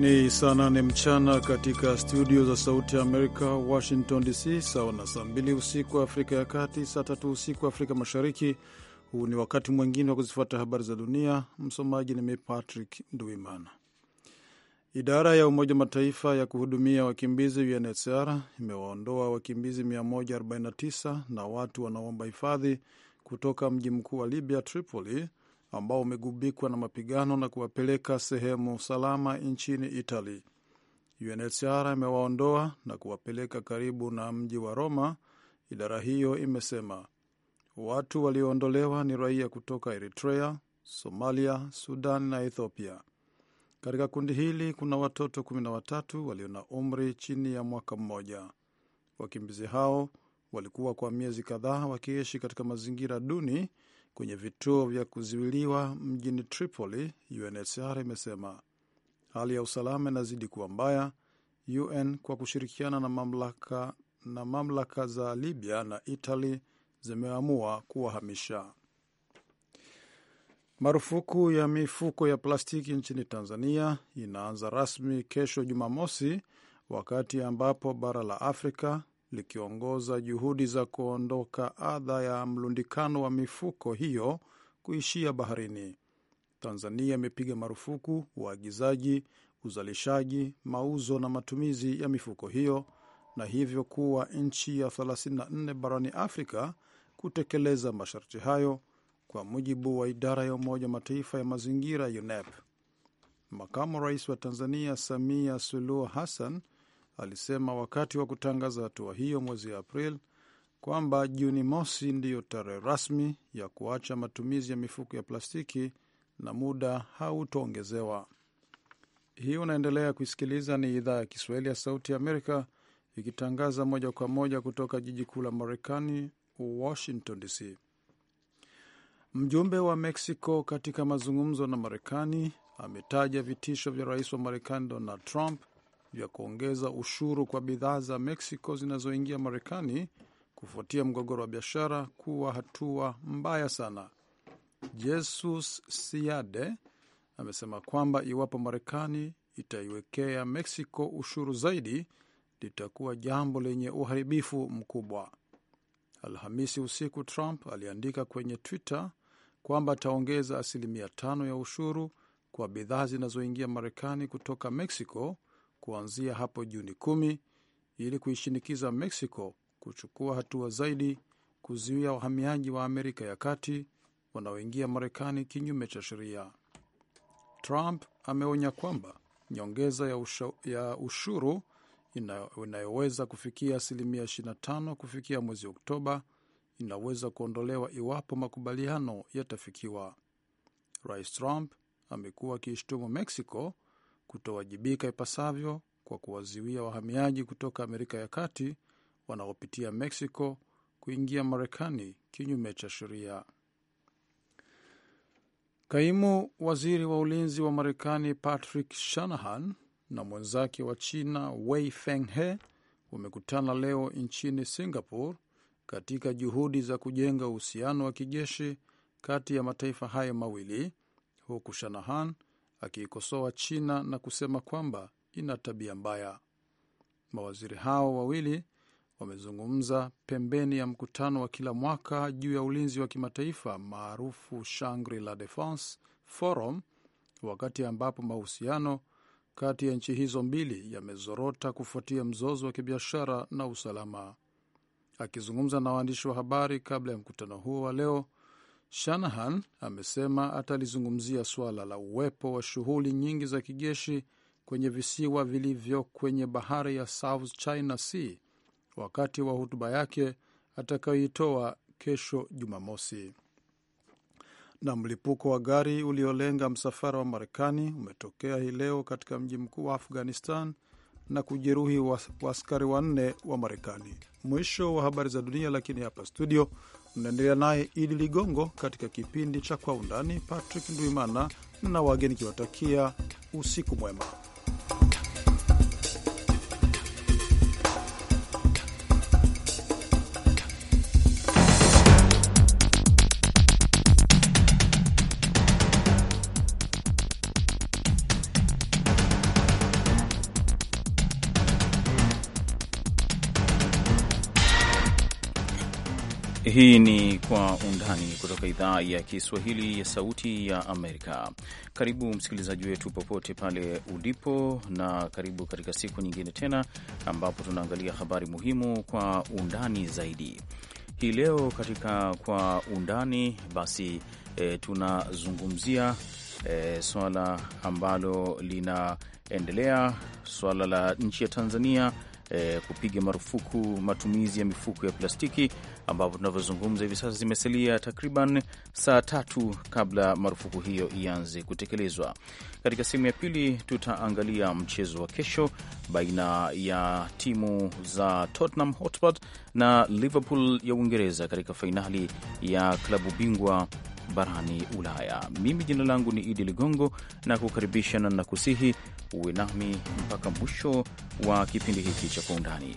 Ni saa nane mchana katika studio za Sauti ya Amerika, Washington DC, sawa na saa mbili usiku wa Afrika ya Kati, saa tatu usiku Afrika Mashariki. Huu ni wakati mwingine wa kuzifuata habari za dunia. Msomaji ni mi Patrick Nduimana. Idara ya Umoja Mataifa ya kuhudumia wakimbizi UNHCR imewaondoa wakimbizi 149 na watu wanaoomba hifadhi kutoka mji mkuu wa Libya, Tripoli, ambao umegubikwa na mapigano na kuwapeleka sehemu salama nchini Italy. UNHCR imewaondoa na kuwapeleka karibu na mji wa Roma, idara hiyo imesema. Watu walioondolewa ni raia kutoka Eritrea, Somalia, Sudan na Ethiopia. Katika kundi hili kuna watoto w walio na umri chini ya mwaka mmoja. Wakimbizi hao walikuwa kwa miezi kadhaa wakiishi katika mazingira duni kwenye vituo vya kuzuiliwa mjini Tripoli, UNHCR imesema. Hali ya usalama inazidi kuwa mbaya. UN kwa kushirikiana na mamlaka, na mamlaka za Libya na Italy zimeamua kuwahamisha. Marufuku ya mifuko ya plastiki nchini Tanzania inaanza rasmi kesho Jumamosi, wakati ambapo bara la Afrika likiongoza juhudi za kuondoka adha ya mlundikano wa mifuko hiyo kuishia baharini. Tanzania imepiga marufuku uagizaji, uzalishaji, mauzo na matumizi ya mifuko hiyo na hivyo kuwa nchi ya 34 barani Afrika kutekeleza masharti hayo kwa mujibu wa idara ya Umoja wa Mataifa ya mazingira UNEP. Makamu Rais wa Tanzania Samia Suluhu Hassan alisema wakati wa kutangaza hatua hiyo mwezi april kwamba Juni mosi ndiyo tarehe rasmi ya kuacha matumizi ya mifuko ya plastiki na muda hautoongezewa. Hii unaendelea kuisikiliza, ni idhaa ya Kiswahili ya Sauti ya Amerika ikitangaza moja kwa moja kutoka jiji kuu la Marekani, Washington DC. Mjumbe wa Mexico katika mazungumzo na Marekani ametaja vitisho vya rais wa Marekani Donald Trump vya kuongeza ushuru kwa bidhaa za Mexico zinazoingia Marekani kufuatia mgogoro wa biashara kuwa hatua mbaya sana. Jesus Siade amesema kwamba iwapo Marekani itaiwekea Mexico ushuru zaidi litakuwa jambo lenye uharibifu mkubwa. Alhamisi usiku, Trump aliandika kwenye Twitter kwamba ataongeza asilimia tano ya ushuru kwa bidhaa zinazoingia Marekani kutoka Mexico kuanzia hapo Juni kumi ili kuishinikiza Mexico kuchukua hatua zaidi kuzuia wahamiaji wa Amerika ya Kati wanaoingia Marekani kinyume cha sheria. Trump ameonya kwamba nyongeza ya, usho, ya ushuru inayoweza kufikia asilimia 25 kufikia mwezi Oktoba inaweza kuondolewa iwapo makubaliano yatafikiwa. Rais Trump amekuwa akiishtumu Mexico kutowajibika ipasavyo kwa kuwaziwia wahamiaji kutoka Amerika ya Kati wanaopitia Mexico kuingia Marekani kinyume cha sheria. Kaimu waziri wa ulinzi wa Marekani Patrick Shanahan na mwenzake wa China Wei He wamekutana leo nchini Singapore katika juhudi za kujenga uhusiano wa kijeshi kati ya mataifa hayo mawili, huku Shanahan akiikosoa China na kusema kwamba ina tabia mbaya. Mawaziri hao wawili wamezungumza pembeni ya mkutano wa kila mwaka juu ya ulinzi wa kimataifa maarufu Shangri-La Defense Forum, wakati ambapo mahusiano kati ya nchi hizo mbili yamezorota kufuatia mzozo wa kibiashara na usalama. Akizungumza na waandishi wa habari kabla ya mkutano huo wa leo, Shanahan amesema atalizungumzia suala la uwepo wa shughuli nyingi za kijeshi kwenye visiwa vilivyo kwenye bahari ya South China Sea wakati wa hotuba yake atakayoitoa kesho Jumamosi. Na mlipuko wa gari uliolenga msafara wa Marekani umetokea hii leo katika mji mkuu wa Afghanistan na kujeruhi waaskari wanne wa Marekani. Mwisho wa habari za dunia, lakini hapa studio Mnaendelea naye Idi Ligongo katika kipindi cha Kwa Undani. Patrick Ndwimana na wageni kiwatakia usiku mwema. Hii ni Kwa Undani kutoka idhaa ya Kiswahili ya Sauti ya Amerika. Karibu msikilizaji wetu popote pale ulipo, na karibu katika siku nyingine tena ambapo tunaangalia habari muhimu kwa undani zaidi. Hii leo katika Kwa Undani basi e, tunazungumzia e, swala ambalo linaendelea, swala la nchi ya Tanzania eh, kupiga marufuku matumizi ya mifuko ya plastiki, ambapo tunavyozungumza hivi sasa zimesalia takriban saa tatu kabla marufuku hiyo ianze kutekelezwa. Katika sehemu ya pili tutaangalia mchezo wa kesho baina ya timu za Tottenham Hotspur na Liverpool ya Uingereza katika fainali ya klabu bingwa barani Ulaya. Mimi jina langu ni Idi Ligongo na kukaribisha na nakusihi uwe nami mpaka mwisho wa kipindi hiki cha Kwa Undani.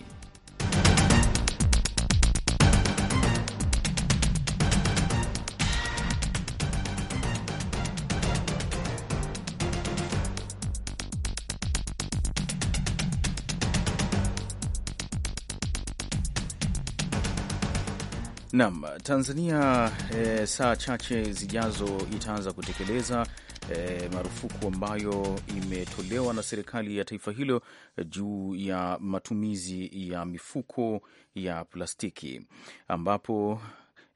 Naam, Tanzania e, saa chache zijazo itaanza kutekeleza e, marufuku ambayo imetolewa na serikali ya taifa hilo juu ya matumizi ya mifuko ya plastiki ambapo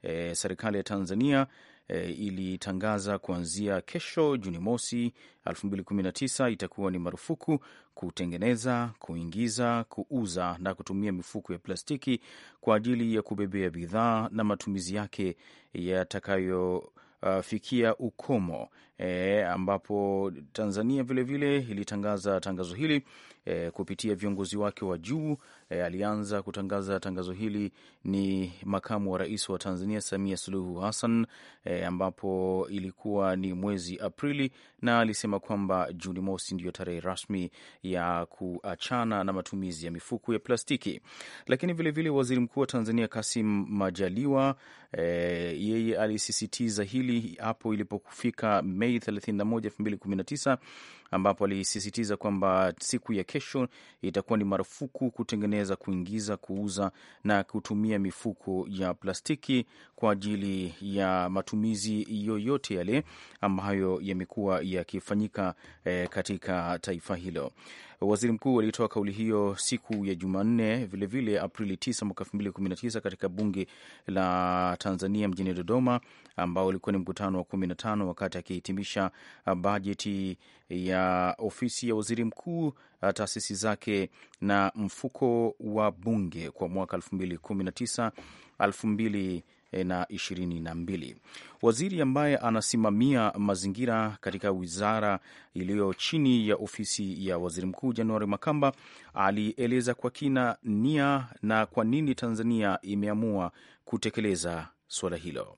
e, serikali ya Tanzania e, ilitangaza kuanzia kesho Juni mosi 2019 itakuwa ni marufuku kutengeneza, kuingiza, kuuza na kutumia mifuko ya plastiki kwa ajili ya kubebea bidhaa na matumizi yake yatakayo Uh, fikia ukomo e, ambapo Tanzania vilevile vile ilitangaza tangazo hili e, kupitia viongozi wake wa juu e, alianza kutangaza tangazo hili ni makamu wa rais wa Tanzania Samia Suluhu Hassan e, ambapo ilikuwa ni mwezi Aprili, na alisema kwamba Juni mosi ndiyo tarehe rasmi ya kuachana na matumizi ya mifuko ya plastiki. Lakini vilevile waziri mkuu wa Tanzania Kasim Majaliwa e, yeye alisisitiza hili hapo ilipofika Mei 31, 2019 ambapo alisisitiza kwamba siku ya kesho itakuwa ni marufuku kutengeneza kutengeneza, kuingiza, kuuza na kutumia mifuko ya plastiki kwa ajili ya matumizi yoyote yale ambayo yamekuwa yakifanyika eh, katika taifa hilo. Waziri mkuu alitoa kauli hiyo siku ya Jumanne, vilevile Aprili 9 mwaka 2019 katika bunge la Tanzania mjini Dodoma, ambao ulikuwa ni mkutano wa 15 wakati akihitimisha uh, bajeti ya ofisi ya waziri mkuu, uh, taasisi zake na mfuko wa bunge kwa mwaka 2019 2020 Eh, na ishirini na mbili. Waziri ambaye anasimamia mazingira katika wizara iliyo chini ya ofisi ya waziri mkuu Januari Makamba alieleza kwa kina nia na kwa nini Tanzania imeamua kutekeleza suala hilo.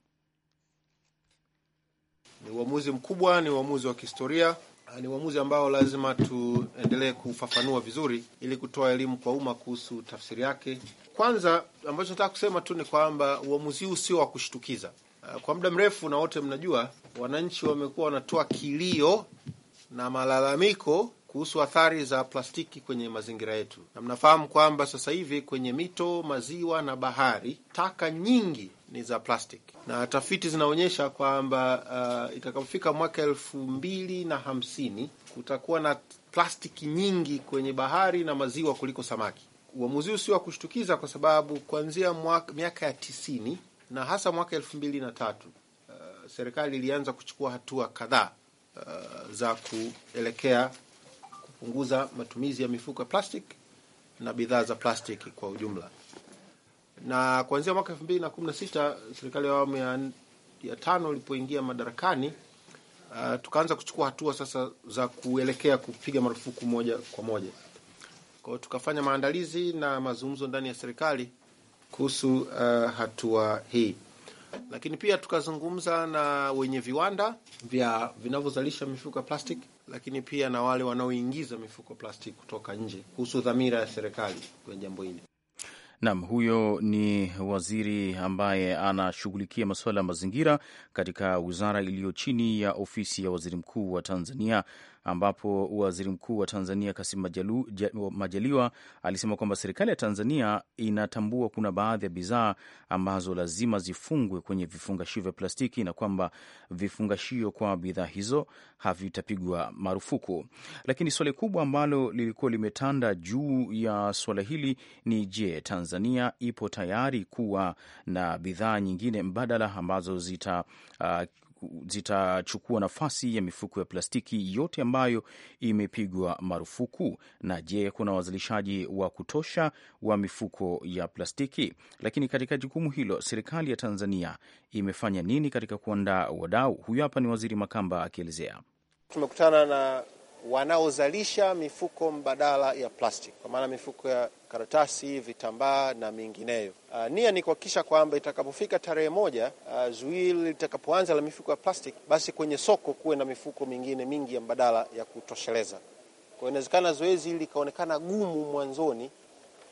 Ni uamuzi mkubwa, ni uamuzi wa kihistoria, ni uamuzi ambao lazima tuendelee kufafanua vizuri ili kutoa elimu kwa umma kuhusu tafsiri yake, kwanza ambacho nataka kusema tu ni kwamba uamuzi huu sio wa kushtukiza. Ah, kwa muda mrefu, na wote mnajua, wananchi wamekuwa wanatoa kilio na malalamiko kuhusu athari za plastiki kwenye mazingira yetu, na mnafahamu kwamba sasa hivi kwenye mito, maziwa na bahari taka nyingi ni za plastiki, na tafiti zinaonyesha kwamba uh, itakapofika mwaka elfu mbili na hamsini kutakuwa na plastiki nyingi kwenye bahari na maziwa kuliko samaki uamuzi huu sio wa kushtukiza kwa sababu kuanzia miaka ya tisini na hasa mwaka elfu mbili na tatu uh, serikali ilianza kuchukua hatua kadhaa uh, za kuelekea kupunguza matumizi ya mifuko ya plastic na bidhaa za plastiki kwa ujumla, na kuanzia mwaka elfu mbili na kumi na sita serikali ya awamu ya, ya tano ilipoingia madarakani uh, tukaanza kuchukua hatua sasa za kuelekea kupiga marufuku moja kwa moja kwao tukafanya maandalizi na mazungumzo ndani ya serikali kuhusu uh, hatua hii, lakini pia tukazungumza na wenye viwanda vya vinavyozalisha mifuko ya plastic lakini pia na wale wanaoingiza mifuko plastiki kutoka nje kuhusu dhamira ya serikali kwenye jambo hili. Nam, huyo ni waziri ambaye anashughulikia masuala ya mazingira katika wizara iliyo chini ya ofisi ya waziri mkuu wa Tanzania ambapo waziri mkuu wa Tanzania Kassim Majaliwa alisema kwamba serikali ya Tanzania inatambua kuna baadhi ya bidhaa ambazo lazima zifungwe kwenye vifungashio vya plastiki na kwamba vifungashio kwa bidhaa hizo havitapigwa marufuku. Lakini swali kubwa ambalo lilikuwa limetanda juu ya swala hili ni je, Tanzania ipo tayari kuwa na bidhaa nyingine mbadala ambazo zita uh, zitachukua nafasi ya mifuko ya plastiki yote ambayo imepigwa marufuku? Na je, kuna wazalishaji wa kutosha wa mifuko ya plastiki? Lakini katika jukumu hilo serikali ya Tanzania imefanya nini katika kuandaa wadau? Huyu hapa ni Waziri Makamba akielezea. Tumekutana na wanaozalisha mifuko mbadala ya plastiki, kwa maana mifuko ya karatasi, vitambaa na mingineyo. Uh, nia ni kuhakikisha kwamba itakapofika tarehe moja, uh, ah, zuili litakapoanza la mifuko ya plastiki, basi kwenye soko kuwe na mifuko mingine mingi ya mbadala ya kutosheleza. Kwa inawezekana zoezi likaonekana gumu mwanzoni,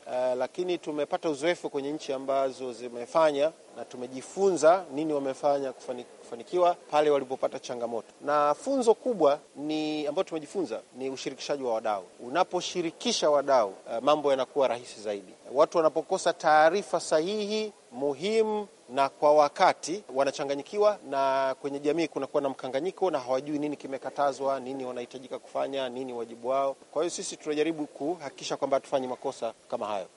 Uh, lakini tumepata uzoefu kwenye nchi ambazo zimefanya na tumejifunza nini wamefanya kufani, kufanikiwa pale walipopata changamoto, na funzo kubwa ni ambayo tumejifunza ni ushirikishaji wa wadau. Unaposhirikisha wadau, uh, mambo yanakuwa rahisi zaidi watu wanapokosa taarifa sahihi muhimu na kwa wakati wanachanganyikiwa, na kwenye jamii kunakuwa na mkanganyiko na hawajui nini kimekatazwa, nini wanahitajika kufanya, nini wajibu wao. Kwa hiyo sisi tunajaribu kuhakikisha kwamba hatufanyi makosa kama hayo.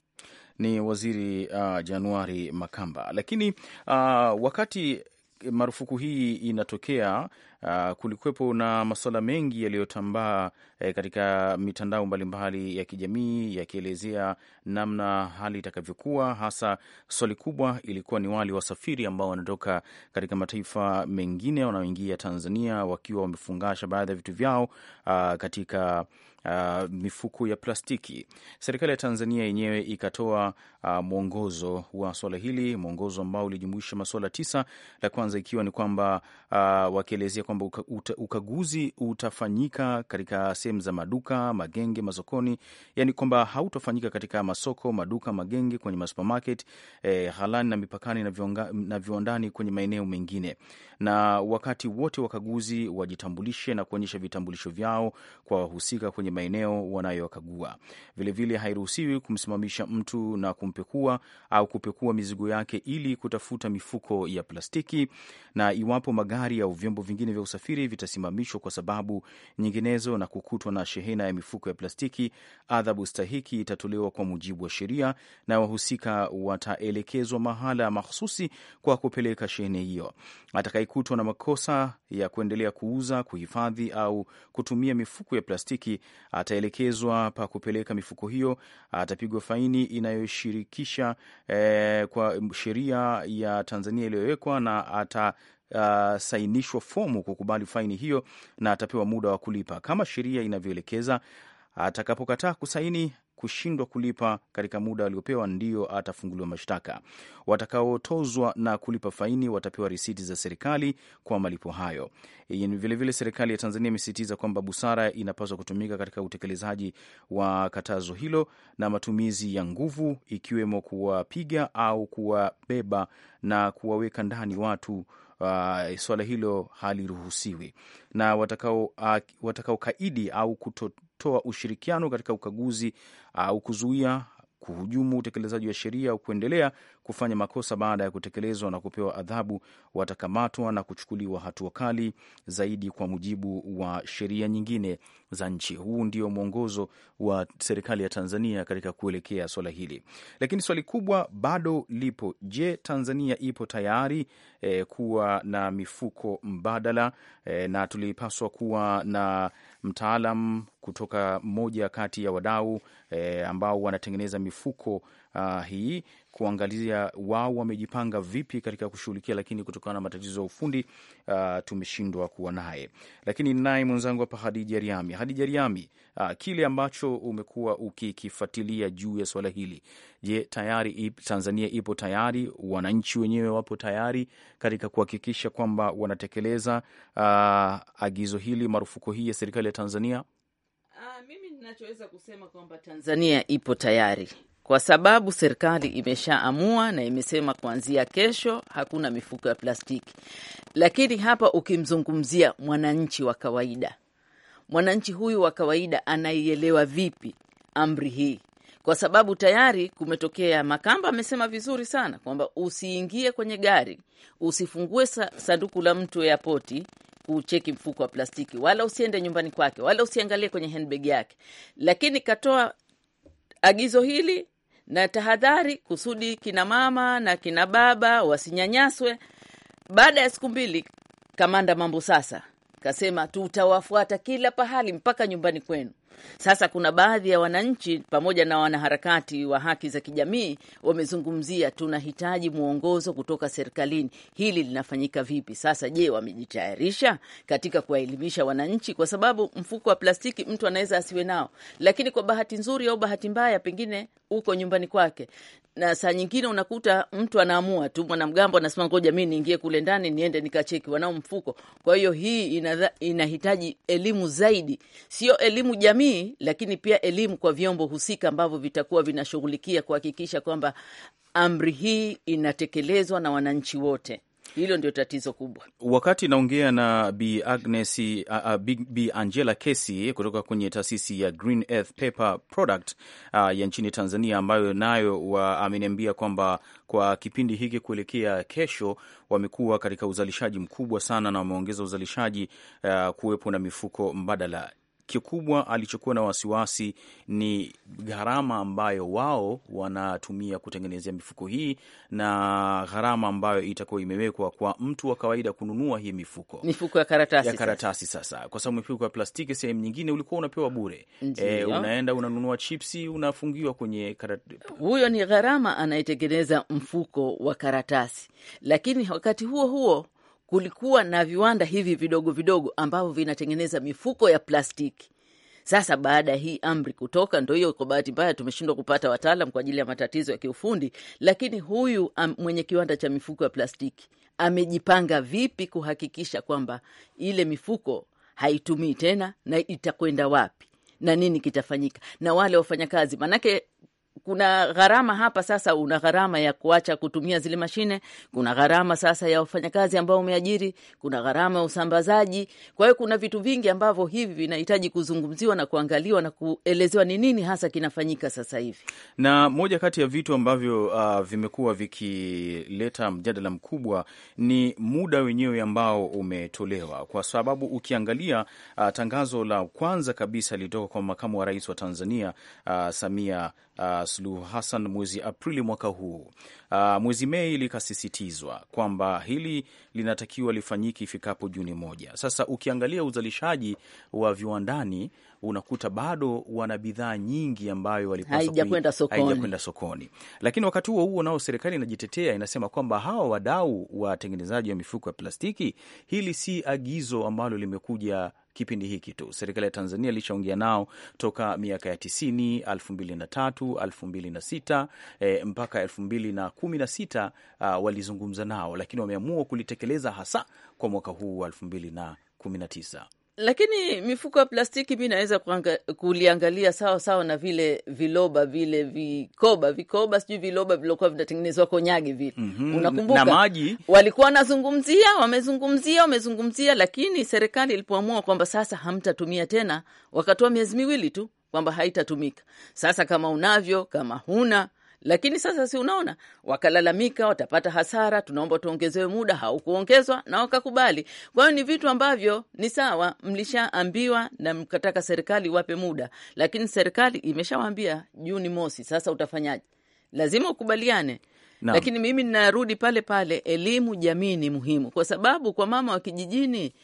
Ni Waziri uh, Januari Makamba. Lakini uh, wakati marufuku hii inatokea uh, kulikuwepo na masuala mengi yaliyotambaa eh, katika mitandao mbalimbali ya kijamii yakielezea namna hali itakavyokuwa. Hasa swali kubwa ilikuwa ni wale wasafiri ambao wanatoka katika mataifa mengine wanaoingia Tanzania wakiwa wamefungasha baadhi ya vitu vyao uh, katika uh, mifuko ya plastiki. Serikali ya Tanzania yenyewe ikatoa uh, mwongozo wa swala hili, mwongozo ambao ulijumuisha masuala tisa, la kwanza ikiwa ni kwamba uh, wakielezea kwamba uka, ukaguzi utafanyika katika sehemu za maduka, magenge, masokoni, yani kwamba hautafanyika katika masoko, maduka, magenge, kwenye masupermarket eh, halani na mipakani na, vionga, na viwandani kwenye maeneo mengine, na wakati wote wakaguzi wajitambulishe na kuonyesha vitambulisho vyao kwa wahusika kwenye maeneo wanayokagua Vilevile hairuhusiwi kumsimamisha mtu na kumpekua au kupekua mizigo yake ili kutafuta mifuko ya plastiki, na iwapo magari au vyombo vingine vya usafiri vitasimamishwa kwa sababu nyinginezo na kukutwa na shehena ya mifuko ya plastiki, adhabu stahiki itatolewa kwa mujibu wa sheria, na wahusika wataelekezwa mahala mahususi kwa kupeleka shehena hiyo. Atakayekutwa na makosa ya kuendelea kuuza, kuhifadhi au kutumia mifuko ya plastiki ataelekezwa pa kupeleka mifuko hiyo, atapigwa faini inayoshirikisha eh, kwa sheria ya Tanzania iliyowekwa na ata Uh, sainishwa fomu kukubali faini hiyo na atapewa muda wa kulipa kama sheria inavyoelekeza. Atakapokataa kusaini kushindwa kulipa katika muda aliopewa ndio atafunguliwa mashtaka. Watakaotozwa na kulipa faini watapewa risiti za serikali kwa malipo hayo. Vilevile vile serikali ya Tanzania imesisitiza kwamba busara inapaswa kutumika katika utekelezaji wa katazo hilo na matumizi ya nguvu, ikiwemo kuwapiga au kuwabeba na kuwaweka ndani watu Uh, swala hilo haliruhusiwi na watakaokaidi uh, watakao au kuto, kutoa ushirikiano katika ukaguzi au kuzuia kuhujumu utekelezaji wa sheria au kuendelea kufanya makosa baada ya kutekelezwa na kupewa adhabu watakamatwa na kuchukuliwa hatua kali zaidi kwa mujibu wa sheria nyingine za nchi. Huu ndio mwongozo wa serikali ya Tanzania katika kuelekea swala hili, lakini swali kubwa bado lipo. Je, Tanzania ipo tayari e, kuwa na mifuko mbadala e, na tulipaswa kuwa na mtaalam kutoka moja kati ya wadau e, ambao wanatengeneza mifuko uh, hii kuangalia wao wamejipanga vipi katika kushughulikia, lakini kutokana na matatizo ya ufundi uh, tumeshindwa kuwa naye. Lakini naye mwenzangu hapa Hadija Riami, Hadija Riami, uh, kile ambacho umekuwa ukikifuatilia juu ya swala hili, je, tayari Tanzania ipo tayari, wananchi wenyewe wapo tayari katika kuhakikisha kwamba wanatekeleza uh, agizo hili, marufuku hii ya serikali ya Tanzania? Uh, mimi ninachoweza kusema kwamba Tanzania ipo tayari kwa sababu serikali imeshaamua na imesema kuanzia kesho hakuna mifuko ya plastiki. Lakini hapa ukimzungumzia mwananchi wa kawaida, mwananchi huyu wa kawaida anaielewa vipi amri hii? Kwa sababu tayari kumetokea. Makamba amesema vizuri sana kwamba usiingie kwenye gari, usifungue sa, sanduku la mtu airpoti kucheki mfuko wa plastiki, wala usiende nyumbani kwake, wala usiangalie kwenye handbag yake, lakini katoa agizo hili na tahadhari kusudi kina mama na kina baba wasinyanyaswe. Baada ya siku mbili, kamanda mambo sasa kasema tutawafuata kila pahali mpaka nyumbani kwenu. Sasa kuna baadhi ya wananchi pamoja na wanaharakati wa haki za kijamii wamezungumzia, tunahitaji mwongozo kutoka serikalini, hili linafanyika vipi? Sasa je, wamejitayarisha katika kuwaelimisha wananchi? Kwa sababu mfuko wa plastiki mtu anaweza asiwe nao, lakini kwa bahati nzuri au bahati mbaya, pengine uko nyumbani kwake na saa nyingine unakuta mtu anaamua tu, mwanamgambo anasema ngoja mi niingie kule ndani niende nikacheki wanao mfuko. Kwa hiyo hii inahitaji elimu zaidi, sio elimu jamii jamii, lakini pia elimu kwa vyombo husika ambavyo vitakuwa vinashughulikia kuhakikisha kwamba amri hii inatekelezwa na wananchi wote. Hilo ndio tatizo kubwa. Wakati naongea na Bi Agnes, uh, Bi Angela Kesi kutoka kwenye taasisi ya Green Earth Paper Product uh, ya nchini Tanzania, ambayo nayo ameniambia kwamba kwa kipindi hiki kuelekea kesho wamekuwa katika uzalishaji mkubwa sana na wameongeza uzalishaji uh, kuwepo na mifuko mbadala kikubwa alichokuwa na wasiwasi ni gharama ambayo wao wanatumia kutengenezea mifuko hii na gharama ambayo itakuwa imewekwa kwa mtu wa kawaida kununua hii mifuko, mifuko ya karatasi, ya karatasi sasa. Sasa kwa sababu mifuko ya plastiki sehemu nyingine ulikuwa unapewa bure e, unaenda unanunua chipsi unafungiwa kwenye karat... huyo ni gharama anayetengeneza mfuko wa karatasi, lakini wakati huo huo kulikuwa na viwanda hivi vidogo vidogo ambavyo vinatengeneza mifuko ya plastiki. Sasa baada ya hii amri kutoka, ndo hiyo, kwa bahati mbaya tumeshindwa kupata wataalam kwa ajili ya matatizo ya kiufundi, lakini huyu mwenye kiwanda cha mifuko ya plastiki amejipanga vipi kuhakikisha kwamba ile mifuko haitumii tena na itakwenda wapi na nini kitafanyika na wale wafanyakazi, maanake kuna gharama hapa sasa, una gharama ya kuacha kutumia zile mashine, kuna gharama sasa ya wafanyakazi ambao umeajiri, kuna gharama ya usambazaji. Kwa hiyo kuna vitu vingi ambavyo hivi vinahitaji kuzungumziwa na kuangaliwa na kuelezewa ni nini hasa kinafanyika sasa hivi. Na moja kati ya vitu ambavyo uh, vimekuwa vikileta mjadala mkubwa ni muda wenyewe ambao umetolewa, kwa sababu ukiangalia uh, tangazo la kwanza kabisa lilitoka kwa makamu wa rais wa Tanzania uh, Samia uh, Suluhu Hassan mwezi Aprili mwaka huu. Uh, mwezi Mei likasisitizwa kwamba hili linatakiwa lifanyike ifikapo Juni moja. Sasa ukiangalia uzalishaji wa viwandani unakuta bado wana bidhaa nyingi ambayo haijakwenda sokoni. Sokoni, lakini wakati huo huo nao serikali inajitetea, inasema kwamba hawa wadau watengenezaji wa mifuko ya plastiki, hili si agizo ambalo limekuja kipindi hiki tu. Serikali ya Tanzania ilishaongea nao toka miaka ya tisini, elfu mbili na tatu, elfu mbili na sita e, mpaka elfu mbili na kumi na sita a, walizungumza nao, lakini wameamua kulitekeleza hasa kwa mwaka huu wa elfu mbili na kumi na tisa. Lakini mifuko ya plastiki mi naweza kuliangalia sawa sawa na vile viloba vile vikoba vikoba sijui viloba vilokuwa vinatengenezwa konyagi vile mm -hmm. Unakumbuka na maji walikuwa wanazungumzia, wamezungumzia, wamezungumzia, lakini serikali ilipoamua kwamba sasa hamtatumia tena, wakatoa miezi miwili tu kwamba haitatumika. Sasa kama unavyo, kama huna lakini sasa si unaona, wakalalamika watapata hasara, tunaomba tuongezewe muda, haukuongezwa na wakakubali. Kwa hiyo ni vitu ambavyo ni sawa, mlishaambiwa na mkataka serikali iwape muda, lakini serikali imeshawaambia Juni mosi. Sasa utafanyaje? Lazima ukubaliane. No. Lakini mimi ninarudi pale pale, elimu jamii ni muhimu, kwa sababu kwa mama wa kijijini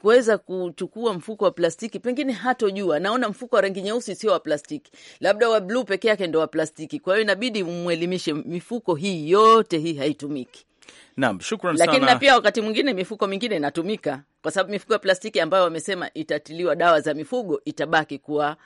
kuweza kuchukua mfuko wa plastiki, pengine hatojua, naona mfuko wa rangi nyeusi sio wa plastiki, labda wa bluu peke yake ndo wa plastiki. Kwa hiyo inabidi mwelimishe, mifuko hii yote hii haitumiki. Naam, shukran sana. Lakini na pia wakati mwingine mifuko mingine inatumika, kwa sababu mifuko ya plastiki ambayo wamesema itatiliwa dawa za mifugo itabaki kuwa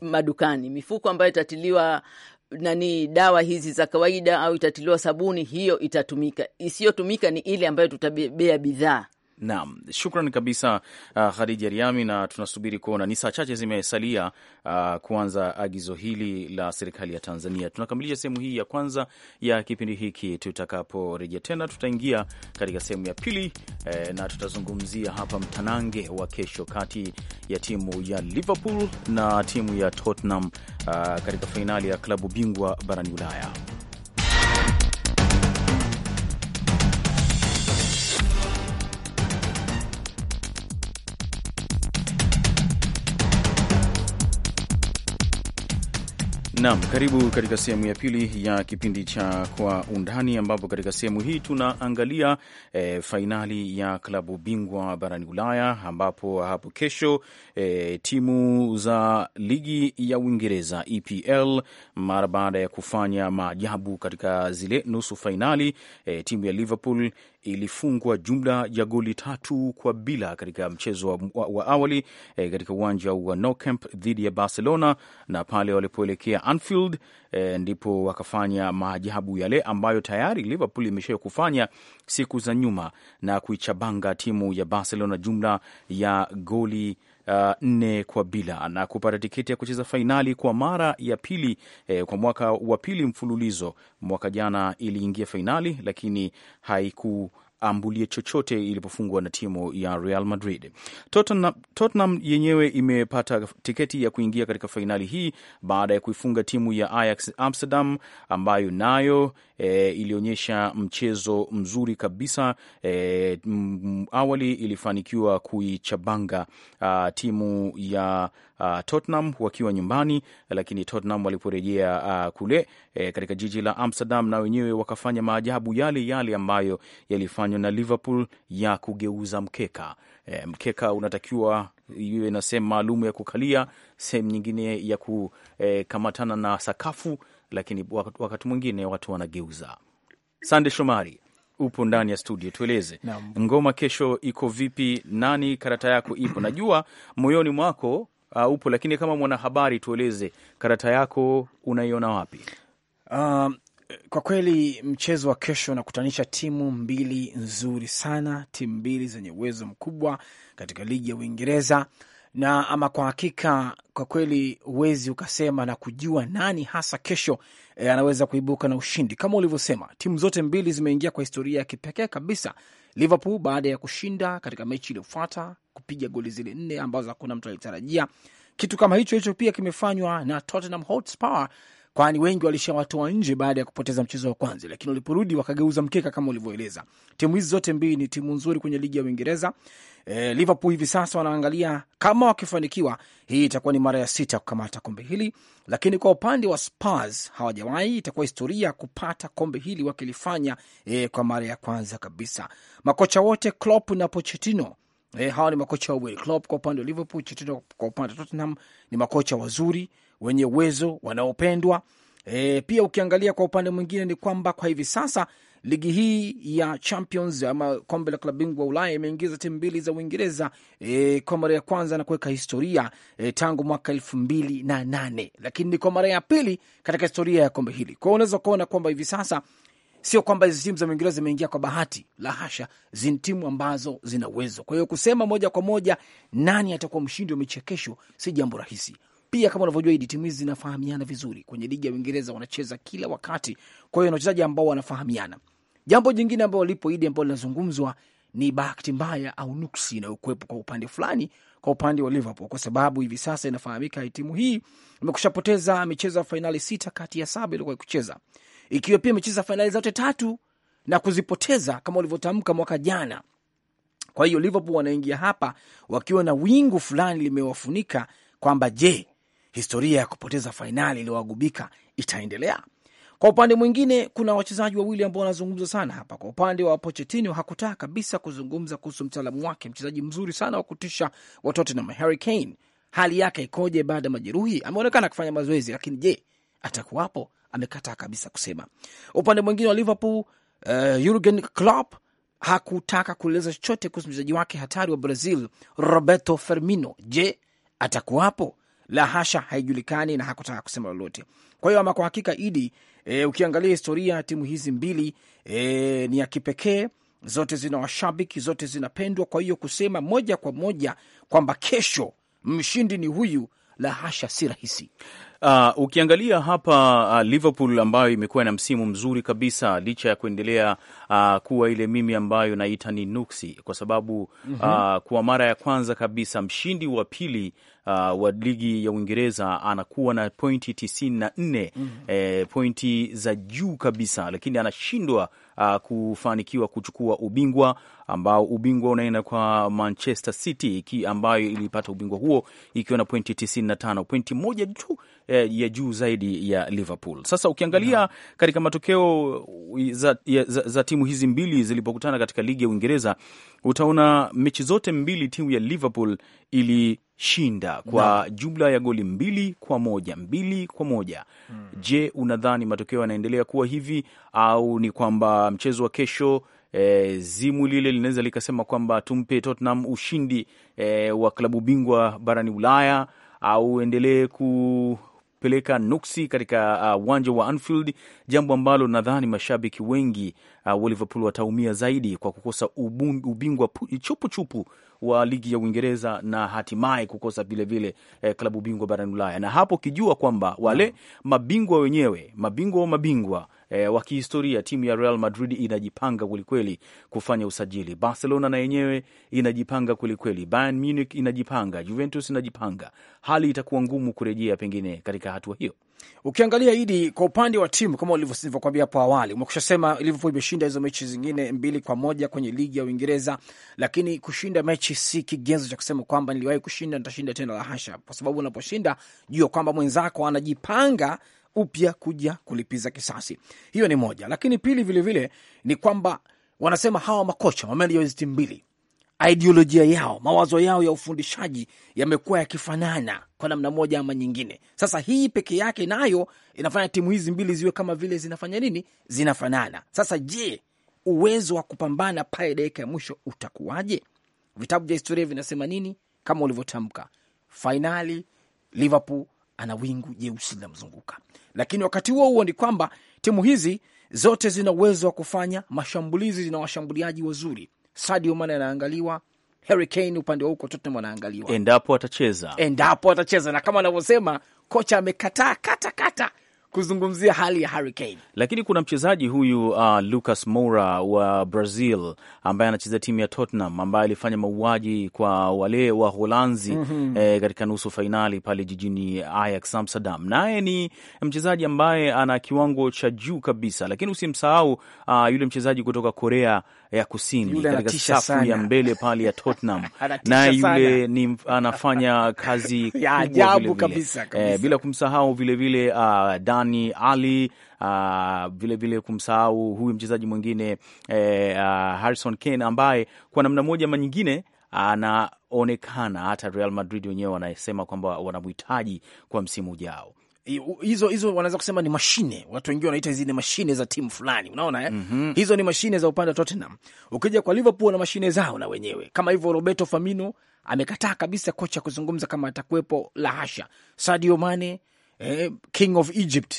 madukani. Mifuko ambayo itatiliwa nani dawa hizi za kawaida au itatiliwa sabuni, hiyo itatumika. Isiyotumika ni ile ambayo tutabebea bidhaa Naam, shukran kabisa uh, Khadija Riami, na tunasubiri kuona. Ni saa chache zimesalia uh, kuanza agizo hili la serikali ya Tanzania. Tunakamilisha sehemu hii ya kwanza ya kipindi hiki. Tutakaporejea tena, tutaingia katika sehemu ya pili eh, na tutazungumzia hapa mtanange wa kesho kati ya timu ya Liverpool na timu ya Tottenham uh, katika fainali ya klabu bingwa barani Ulaya. Naam, karibu katika sehemu ya pili ya kipindi cha Kwa Undani, ambapo katika sehemu hii tunaangalia e, fainali ya klabu bingwa barani Ulaya, ambapo hapo kesho e, timu za ligi ya Uingereza EPL mara baada ya kufanya maajabu katika zile nusu fainali e, timu ya Liverpool ilifungwa jumla ya goli tatu kwa bila katika mchezo wa, wa, wa awali e, katika uwanja wa Nou Camp dhidi ya Barcelona, na pale walipoelekea Anfield e, ndipo wakafanya maajabu yale ambayo tayari Liverpool imeshaa kufanya siku za nyuma na kuichabanga timu ya Barcelona jumla ya goli uh, kwa bila na kupata tiketi ya kucheza fainali kwa mara ya pili eh, kwa mwaka wa pili mfululizo. Mwaka jana iliingia fainali lakini haiku ambulie chochote ilipofungwa na timu ya Real Madrid. Tottenham, Tottenham yenyewe imepata tiketi ya kuingia katika fainali hii baada ya kuifunga timu ya Ajax Amsterdam ambayo nayo e, ilionyesha mchezo mzuri kabisa e, m, m, awali ilifanikiwa kuichabanga a, ah, timu ya a, ah, Tottenham wakiwa nyumbani, lakini Tottenham waliporejea a, ah, kule e, katika jiji la Amsterdam na wenyewe wakafanya maajabu yale yale ambayo yalifanya iliyofanywa na Liverpool ya kugeuza mkeka e, mkeka unatakiwa iwe na sehemu maalum ya kukalia, sehemu nyingine ya kukamatana e, na sakafu, lakini wakati mwingine watu wanageuza. Sande Shomari, upo ndani ya studio, tueleze ngoma kesho iko vipi? Nani karata yako ipo? Najua moyoni mwako uh, upo, lakini kama mwanahabari tueleze karata yako unaiona wapi? Um, kwa kweli mchezo wa kesho unakutanisha timu mbili nzuri sana, timu mbili zenye uwezo mkubwa katika ligi ya Uingereza na ama kwa hakika, kwa kweli huwezi ukasema na kujua nani hasa kesho e, anaweza kuibuka na ushindi. Kama ulivyosema, timu zote mbili zimeingia kwa historia ya kipekee kabisa. Liverpool baada ya kushinda katika mechi iliyofuata kupiga goli zile nne ambazo hakuna mtu alitarajia. Kitu kama hicho hicho pia kimefanywa na Tottenham Hotspur kwani wengi walishawatoa nje baada ya kupoteza mchezo wa kwanza, lakini waliporudi wakageuza mkeka kama ulivyoeleza. Timu hizi zote mbili ni timu nzuri kwenye ligi ya Uingereza. E, Liverpool hivi sasa wanaangalia kama wakifanikiwa, hii itakuwa ni mara ya sita kukamata kombe hili, lakini kwa upande wa Spurs hawajawahi, itakuwa historia kupata kombe hili wakilifanya e, kwa mara ya kwanza kabisa. Makocha wote Klopp na Pochettino e, hawa ni makocha wawili. Klopp kwa upande wa Liverpool, Pochettino kwa upande wa Tottenham, ni makocha wazuri wenye uwezo wanaopendwa. E, pia ukiangalia kwa upande mwingine ni kwamba kwa hivi sasa ligi hii ya Champions ama kombe la klabu bingwa Ulaya imeingiza timu mbili za Uingereza e, kwa mara ya kwanza na kuweka historia e, tangu mwaka elfu mbili na nane, lakini ni kwa mara ya pili katika historia ya kombe hili. Kwa hiyo unaweza kuona kwamba hivi sasa sio kwamba hizi timu za Uingereza zimeingia kwa bahati, la hasha, zini timu ambazo zina uwezo. Kwa hiyo kusema moja kwa moja nani atakuwa mshindi wa michekesho si jambo rahisi pia kama unavyojua hidi timu hizi zinafahamiana vizuri. Kwenye ligi ya Uingereza wanacheza kila wakati, kwa hiyo na wachezaji ambao wanafahamiana. Jambo jingine ambalo lipo hidi ambalo linazungumzwa ni bahati mbaya au nuksi inayokuwepo kwa upande fulani, kwa upande wa Liverpool, kwa sababu hivi sasa inafahamika timu hii imekushapoteza michezo ya fainali sita kati ya saba ilikuwa ikicheza, ikiwa pia imecheza fainali zote tatu na kuzipoteza kama ulivyotamka mwaka jana. Kwa hiyo Liverpool wanaingia hapa wakiwa na wingu fulani limewafunika kwamba je, historia ya kupoteza fainali iliyowagubika itaendelea. Kwa upande mwingine, kuna wachezaji wawili ambao wanazungumza sana hapa. Kwa upande wa Pochettino, hakutaka kabisa kuzungumza kuhusu mtaalamu wake, mchezaji mzuri sana wa kutisha wa Tottenham, Harry Kane. Hali yake ikoje baada ya majeruhi? Ameonekana akifanya mazoezi, lakini je, atakuwapo? Amekataa kabisa kusema. Upande mwingine wa Liverpool, uh, Jurgen Klopp hakutaka kueleza chochote kuhusu mchezaji wake hatari wa Brazil, Roberto Firmino. Je, atakuwapo? la hasha, haijulikani na hakutaka kusema lolote. Kwa hiyo ama kwa hakika idi e, ukiangalia historia ya timu hizi mbili e, ni ya kipekee, zote zina washabiki, zote zinapendwa. Kwa hiyo kusema moja kwa moja kwamba kesho mshindi ni huyu, la hasha, si rahisi. Uh, ukiangalia hapa uh, Liverpool ambayo imekuwa na msimu mzuri kabisa licha ya kuendelea uh, kuwa ile mimi ambayo naita ni nuksi, kwa sababu mm -hmm. uh, kwa mara ya kwanza kabisa mshindi wa pili uh, wa ligi ya Uingereza anakuwa na pointi tisini na nne mm -hmm. eh, pointi za juu kabisa, lakini anashindwa uh, kufanikiwa kuchukua ubingwa ambao ubingwa unaenda kwa Manchester City ki ambayo ilipata ubingwa huo ikiwa na pointi tisini na tano pointi moja tu eh, ya juu zaidi ya Liverpool. Sasa ukiangalia no. katika matokeo za, ya, za, za timu hizi mbili zilipokutana katika ligi ya Uingereza, utaona mechi zote mbili timu ya Liverpool ilishinda kwa no. jumla ya goli mbili kwa moja mbili kwa moja Mm. Je, unadhani matokeo yanaendelea kuwa hivi au ni kwamba mchezo wa kesho E, zimu lile linaweza likasema kwamba tumpe Tottenham ushindi e, wa klabu bingwa barani Ulaya au endelee ku kupeleka nuksi katika ah, uwanja uh, wa Anfield, jambo ambalo nadhani mashabiki wengi uh, wa Liverpool wataumia zaidi kwa kukosa ubingwa chupuchupu wa ligi ya Uingereza na hatimaye kukosa vilevile eh, klabu bingwa barani Ulaya, na hapo kijua kwamba wale mm. mabingwa wenyewe mabingwa wa mabingwa e, wa kihistoria. Timu ya Real Madrid inajipanga kwelikweli kufanya usajili. Barcelona na yenyewe inajipanga kwelikweli, Bayern Munich inajipanga, Juventus inajipanga. Hali itakuwa ngumu kurejea pengine katika hatua hiyo. Ukiangalia Idi, kwa upande wa timu kama ulivyokuambia hapo awali, umekusha sema Liverpool imeshinda hizo mechi zingine mbili kwa moja kwenye ligi ya Uingereza, lakini kushinda mechi si kigezo cha kusema kwamba niliwahi kushinda nitashinda tena, la hasha, kwa sababu unaposhinda jua kwamba mwenzako anajipanga upya kuja kulipiza kisasi. Hiyo ni moja, lakini pili vilevile vile, ni kwamba wanasema hawa makocha wa manager mbili ideolojia yao mawazo yao ya ufundishaji yamekuwa yakifanana kwa namna moja ama nyingine. Sasa hii peke yake nayo inafanya timu hizi mbili ziwe kama vile zinafanya nini, zinafanana. Sasa je, uwezo wa kupambana pale dakika ya mwisho utakuwaje? Vitabu vya historia vinasema nini? Kama ulivyotamka, fainali Liverpool ana wingu jeusi linamzunguka. Lakini wakati huo huo ni kwamba timu hizi zote zina uwezo wa kufanya mashambulizi, zina washambuliaji wazuri. Sadio Mane anaangaliwa, Harry Kane upande wa huko Tottenham anaangaliwa endapo atacheza, endapo atacheza, na kama anavyosema kocha amekataa kata kata kuzungumzia hali ya Hurricane. Lakini kuna mchezaji huyu uh, Lucas Moura wa Brazil ambaye anacheza timu ya Tottenham ambaye alifanya mauaji kwa wale wa Holanzi mm -hmm. eh, katika nusu fainali pale jijini Ajax Amsterdam. Naye ni mchezaji ambaye ana kiwango cha juu kabisa, lakini usimsahau uh, yule mchezaji kutoka Korea ya kusini katika safu sana ya mbele pale ya Tottenham na yule ni anafanya kazi ya ajabu vile kabisa, eh, Kabisa. Eh, bila kumsahau vilevile uh, ah, Dani Ali vilevile ah, uh, vile kumsahau huyu mchezaji mwingine eh, uh, Harrison Kane ambaye kwa namna moja ama nyingine anaonekana hata Real Madrid wenyewe wanasema kwamba wanamhitaji kwa msimu ujao hizo hizo wanaweza kusema ni mashine, watu wengi wanaita hizi ni mashine za timu fulani, unaona eh? mm -hmm. hizo ni mashine za upande wa Tottenham. Ukija kwa Liverpool na mashine zao na wenyewe kama hivyo. Roberto Firmino amekataa kabisa kocha kuzungumza kama atakuwepo, la hasha. Sadio Mane eh, King of Egypt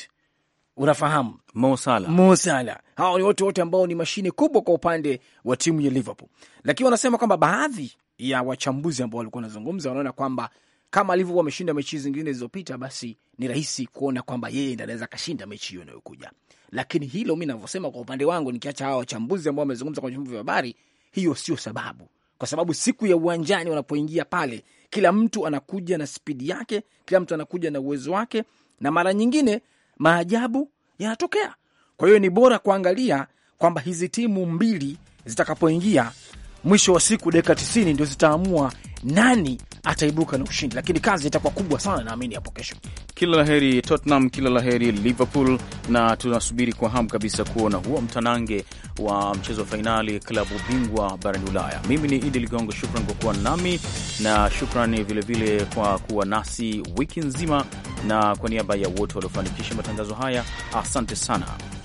unafahamu Mo Salah, Mo Salah, hao ni wote wote ambao ni mashine kubwa kwa upande wa timu ya Liverpool, lakini wanasema kwamba baadhi ya wachambuzi ambao walikuwa wanazungumza wanaona kwamba kama alivyokuwa ameshinda mechi zingine zilizopita, basi ni rahisi kuona kwamba yeye ndiye anaweza akashinda mechi hiyo inayokuja. Lakini hilo mi navyosema kwa upande wangu, nikiacha hawa wachambuzi ambao wamezungumza kwenye vyombo vya habari, hiyo sio sababu, kwa sababu siku ya uwanjani wanapoingia pale, kila mtu anakuja na spidi yake, kila mtu anakuja na uwezo wake, na mara nyingine maajabu yanatokea. Kwa hiyo ni bora kuangalia kwamba hizi timu mbili zitakapoingia mwisho wa siku dakika 90 ndio zitaamua nani ataibuka na ushindi, lakini kazi itakuwa kubwa sana, naamini hapo kesho. Kila la heri Tottenham, kila la heri Liverpool, na tunasubiri kwa hamu kabisa kuona huo mtanange wa mchezo wa fainali klabu bingwa barani Ulaya. Mimi ni Idi Ligongo, shukran kwa kuwa nami na shukran vilevile kwa kuwa nasi wiki nzima, na kwa niaba ya wote waliofanikisha matangazo haya, asante sana.